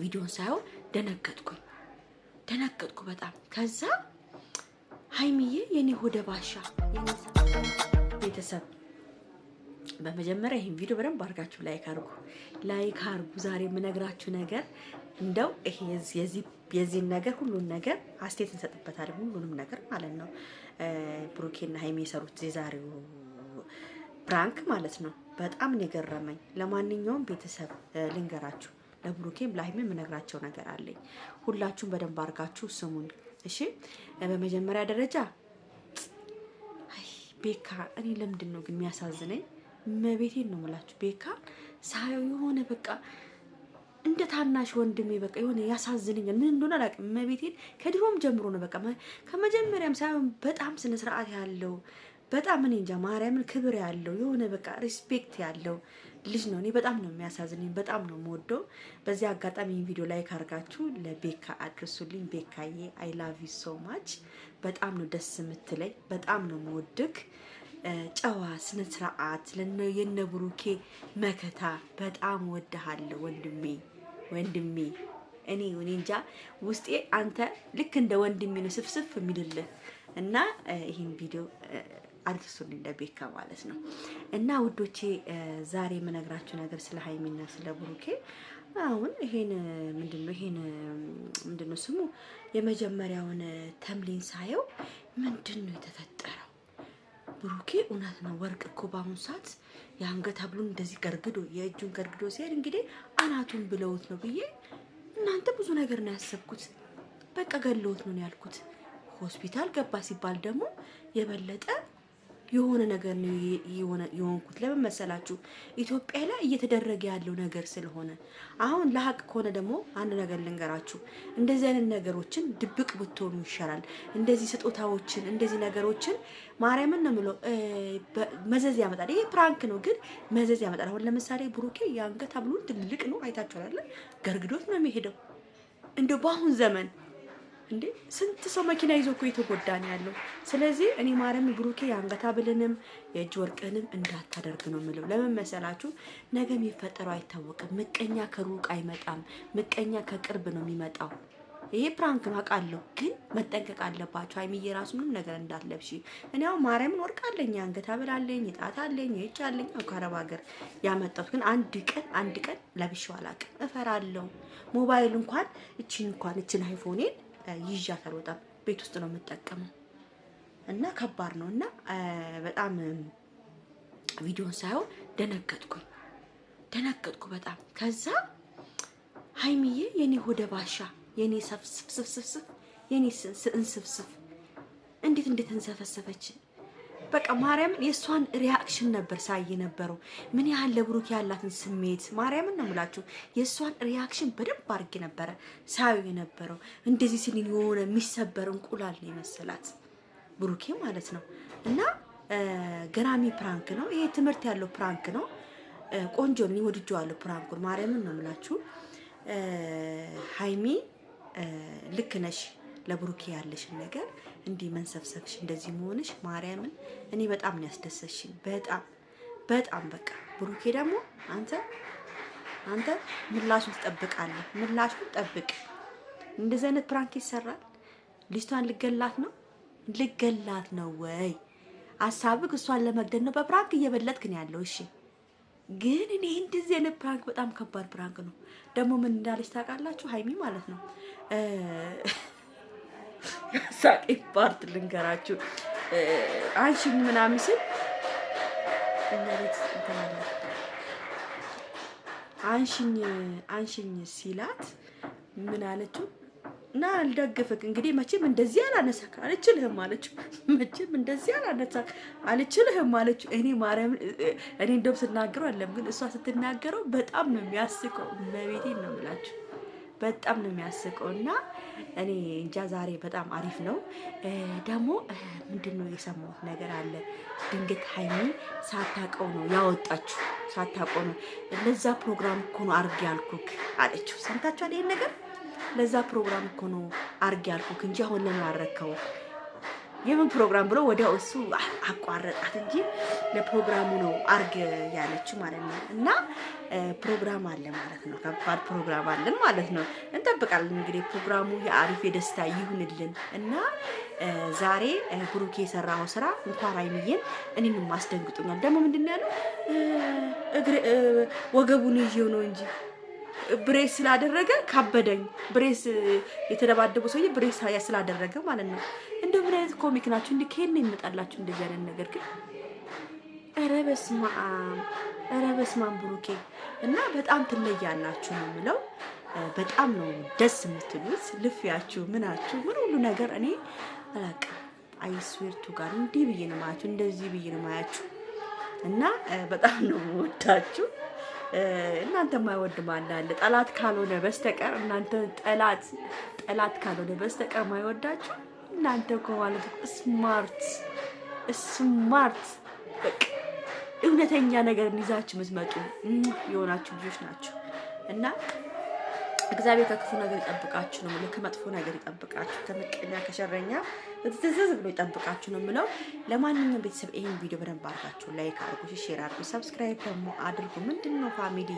ቪዲዮን ሳይሆን ደነገጥኩኝ፣ ደነገጥኩ በጣም። ከዛ ሀይሚዬ የኔ ሆደ ባሻ ቤተሰብ በመጀመሪያ ይህን ቪዲዮ በደንብ አድርጋችሁ ላይክ አርጉ ላይክ አርጉ ዛሬ የምነግራችሁ ነገር እንደው የዚህን ነገር ሁሉን ነገር አስቴት እንሰጥበታለን፣ ሁሉንም ነገር ማለት ነው። ብሩኬና ሀይሚ የሰሩት የዛሬው ፕራንክ ማለት ነው በጣም ነው የገረመኝ። ለማንኛውም ቤተሰብ ልንገራችሁ ለብሩኬም ለሀይሜም የምነግራቸው ነገር አለኝ። ሁላችሁም በደንብ አርጋችሁ ስሙን እሺ። በመጀመሪያ ደረጃ ቤካ እኔ ለምንድን ነው ግን የሚያሳዝነኝ? መቤቴን ነው የምላችሁ። ቤካ ሳየው የሆነ በቃ እንደ ታናሽ ወንድሜ በቃ የሆነ ያሳዝንኛል። ምን እንደሆነ አላውቅም። መቤቴን ከድሮም ጀምሮ ነው በቃ ከመጀመሪያም ሳይሆን በጣም ስነ ስርዓት ያለው በጣም እኔ እንጃ ማርያምን ክብር ያለው የሆነ በቃ ሪስፔክት ያለው ልጅ ነው። እኔ በጣም ነው የሚያሳዝን፣ በጣም ነው የምወደው። በዚህ አጋጣሚ ቪዲዮ ላይ ካርጋችሁ ለቤካ አድርሱልኝ። ቤካዬ አይ ላቭ ዩ ሶ ማች። በጣም ነው ደስ የምትለኝ፣ በጣም ነው የምወድክ። ጨዋ፣ ስነ ስርዓት፣ የነ ብሩኬ መከታ። በጣም ወድሃለሁ ወንድሜ፣ ወንድሜ እኔ እኔ እንጃ ውስጤ አንተ ልክ እንደ ወንድሜ ነው ስፍስፍ የሚልልህ እና ይህን ቪዲዮ አድርሱልኝ ለቤካ ማለት ነው። እና ውዶቼ ዛሬ የምነግራችሁ ነገር ስለ ሀይሚና ስለ ብሩኬ አሁን ይሄን ምንድነው ይሄን ምንድነው ስሙ የመጀመሪያውን ተምሊን ሳየው ምንድነው የተፈጠረው? ብሩኬ እውነት ነው ወርቅ እኮ በአሁኑ ሰዓት የአንገት ሀብሉን እንደዚህ ገርግዶ የእጁን ገርግዶ ሲሄድ እንግዲህ አናቱን ብለውት ነው ብዬ እናንተ ብዙ ነገር ነው ያሰብኩት። በቃ ገለውት ነው ያልኩት። ሆስፒታል ገባ ሲባል ደግሞ የበለጠ የሆነ ነገር ነው የሆንኩት። ለምን መሰላችሁ? ኢትዮጵያ ላይ እየተደረገ ያለው ነገር ስለሆነ አሁን ለሀቅ ከሆነ ደግሞ አንድ ነገር ልንገራችሁ። እንደዚህ አይነት ነገሮችን ድብቅ ብትሆኑ ይሻላል። እንደዚህ ስጦታዎችን፣ እንደዚህ ነገሮችን ማርያምን ነው የምለው መዘዝ ያመጣል። ይሄ ፕራንክ ነው ግን መዘዝ ያመጣል። አሁን ለምሳሌ ብሩኬ የአንገት ሀብሉን ትልቅ ነው አይታችኋል፣ ገርግዶት ነው የሚሄደው እንደ በአሁን ዘመን እንዴ ስንት ሰው መኪና ይዞ እኮ የተጎዳ ነው ያለው። ስለዚህ እኔ ማረም ብሩኬ የአንገት ሐብልንም የእጅ ወርቅንም እንዳታደርግ ነው የምለው። ለምን መሰላችሁ? ነገ የሚፈጠረው አይታወቅም። ምቀኛ ከሩቅ አይመጣም። ምቀኛ ከቅርብ ነው የሚመጣው። ይሄ ፕራንክ ነው አውቃለሁ፣ ግን መጠንቀቅ አለባቸው። ሀይሚዬ ራሱ ምንም ነገር እንዳትለብሺ። እኔ ያው ማርያምን ወርቅ አለኝ፣ የአንገት ሐብል አለኝ፣ የጣት አለኝ፣ የእጅ አለኝ። ያው ከአረብ ሀገር ያመጣሁት ግን አንድ ቀን አንድ ቀን ለብሼው አላውቅም። እፈራለሁ። ሞባይል እንኳን እቺን እንኳን እቺን አይፎኔን ይዣት አልወጣም። ቤት ውስጥ ነው የምጠቀመው እና ከባድ ነው እና በጣም ቪዲዮን ሳይሆን ደነገጥኩኝ ደነገጥኩ በጣም ከዛ ሀይሚዬ የኔ ሆደ ባሻ የኔ ሰፍስፍስፍስፍ የኔ እንስፍስፍ እንዴት እንዴት እንሰፈሰፈች በቃ ማርያምን የእሷን ሪያክሽን ነበር ሳይ ነበረው ምን ያህል ለብሩክ ያላትን ስሜት ማርያምን ነው የምላችሁ። የእሷን ሪያክሽን በደንብ አድርጌ ነበረ ሳዩ የነበረው እንደዚህ ሲል የሆነ የሚሰበር እንቁላል ነው የመሰላት ብሩኬ ማለት ነው። እና ገራሚ ፕራንክ ነው ይሄ፣ ትምህርት ያለው ፕራንክ ነው። ቆንጆ ነው፣ ወድጄዋለሁ ፕራንኩን። ማርያምን ነው የምላችሁ ሀይሚ ልክ ነሽ። ለብሩኬ ያለሽን ነገር እንዲህ መንሰብሰብሽ እንደዚህ መሆንሽ ማርያምን እኔ በጣም ነው ያስደሰሽኝ። በጣም በጣም በቃ ብሩኬ ደግሞ አንተ አንተ ምላሹን ትጠብቃለህ። ምላሹን ጠብቅ። እንደዚህ አይነት ፕራንክ ይሰራል። ልጅቷን ልገላት ነው ልገላት ነው ወይ አሳብክ እሷን ለመግደል ነው። በፕራንክ እየበለጥክ ነው ያለው። እሺ ግን እኔ እንደዚህ አይነት ፕራንክ በጣም ከባድ ፕራንክ ነው። ደግሞ ምን እንዳለች ታውቃላችሁ? ሀይሚ ማለት ነው ሳቄ ፓርት ልንገራችሁ። አንቺን ምናምን ስል እኛ ቤት እንተናለ አንሽኝ አንሽኝ ሲላት ምን አለችው? እና አልደግፍክ እንግዲህ መቼም እንደዚህ አላነሳክ አልችልህም አለችው። መቼም እንደዚህ አላነሳክ አልችልህም አለችው። እኔ ማርያምን እኔ እንደውም ስናገረው አለም ግን እሷ ስትናገረው በጣም ነው የሚያስቀው። መቤቴን ነው የምላችሁ በጣም ነው የሚያስቀው እና እኔ እንጃ ዛሬ በጣም አሪፍ ነው። ደግሞ ምንድን ነው የሰማሁት ነገር አለ። ድንገት ሀይሚ ሳታቀው ነው ያወጣችሁ፣ ሳታቀው ነው ለዛ ፕሮግራም እኮ ነው አርግ ያልኩክ አለችው። ሰምታችኋል? ይሄን ነገር ለዛ ፕሮግራም እኮ ነው አርግ ያልኩክ እንጂ አሁን ለምን አረከው የምን ፕሮግራም ብሎ ወዲያው እሱ አቋረጣት እንጂ ለፕሮግራሙ ነው አርግ ያለችው ማለት ነው እና ፕሮግራም አለ ማለት ነው። ከባድ ፕሮግራም አለን ማለት ነው። እንጠብቃለን እንግዲህ ፕሮግራሙ የአሪፍ የደስታ ይሁንልን እና ዛሬ ብሩኬ የሰራው ስራ እንኳን አይምዬን እኔንም አስደንግጦኛል። ደግሞ ምንድን ያለው ወገቡን ይዤው ነው እንጂ ብሬስ ስላደረገ ካበደኝ። ብሬስ የተደባደቡ ሰውዬ ብሬስ ስላደረገ ማለት ነው። እንደምን አይነት ኮሚክ ናቸው? እንዲ ከየት ነው ይመጣላችሁ እንደዚህ አይነት ነገር ግን ኧረ በስመ አብ ኧረ በስመ አብ ብሩኬ እና በጣም ትለያላችሁ ነው የምለው። በጣም ነው ደስ የምትሉት ልፍያችሁ፣ ምናችሁ፣ ምን ሁሉ ነገር እኔ በቃ አይስዌርቱ ጋር እንዲህ ብዬ ነው ማያችሁ፣ እንደዚህ ብዬ ነው ማያችሁ እና በጣም ነው ወዳችሁ። እናንተ ማይወድ ማላለ ጠላት ካልሆነ በስተቀር እናንተ ጠላት ጠላት ካልሆነ በስተቀር ማይወዳችሁ እናንተ ከማለት ስማርት ስማርት በቃ እውነተኛ ነገር ይዛችሁ የምትመጡ የሆናችሁ ልጆች ናቸው እና እግዚአብሔር ከክፉ ነገር ይጠብቃችሁ ነው የምለው። ከመጥፎ ነገር ይጠብቃችሁ፣ ከምቀኛ ከሸረኛ ትዝዝ ብሎ ይጠብቃችሁ ነው የምለው። ለማንኛውም ቤተሰብ ይህን ቪዲዮ በደንብ አድርጋችሁ ላይክ አድርጉ፣ ሼር አድርጉ፣ ሰብስክራይብ ደግሞ አድርጉ። ምንድን ነው ፋሚሊ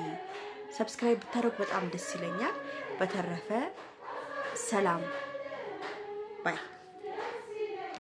ሰብስክራይብ ብታደርጉ በጣም ደስ ይለኛል። በተረፈ ሰላም ባይ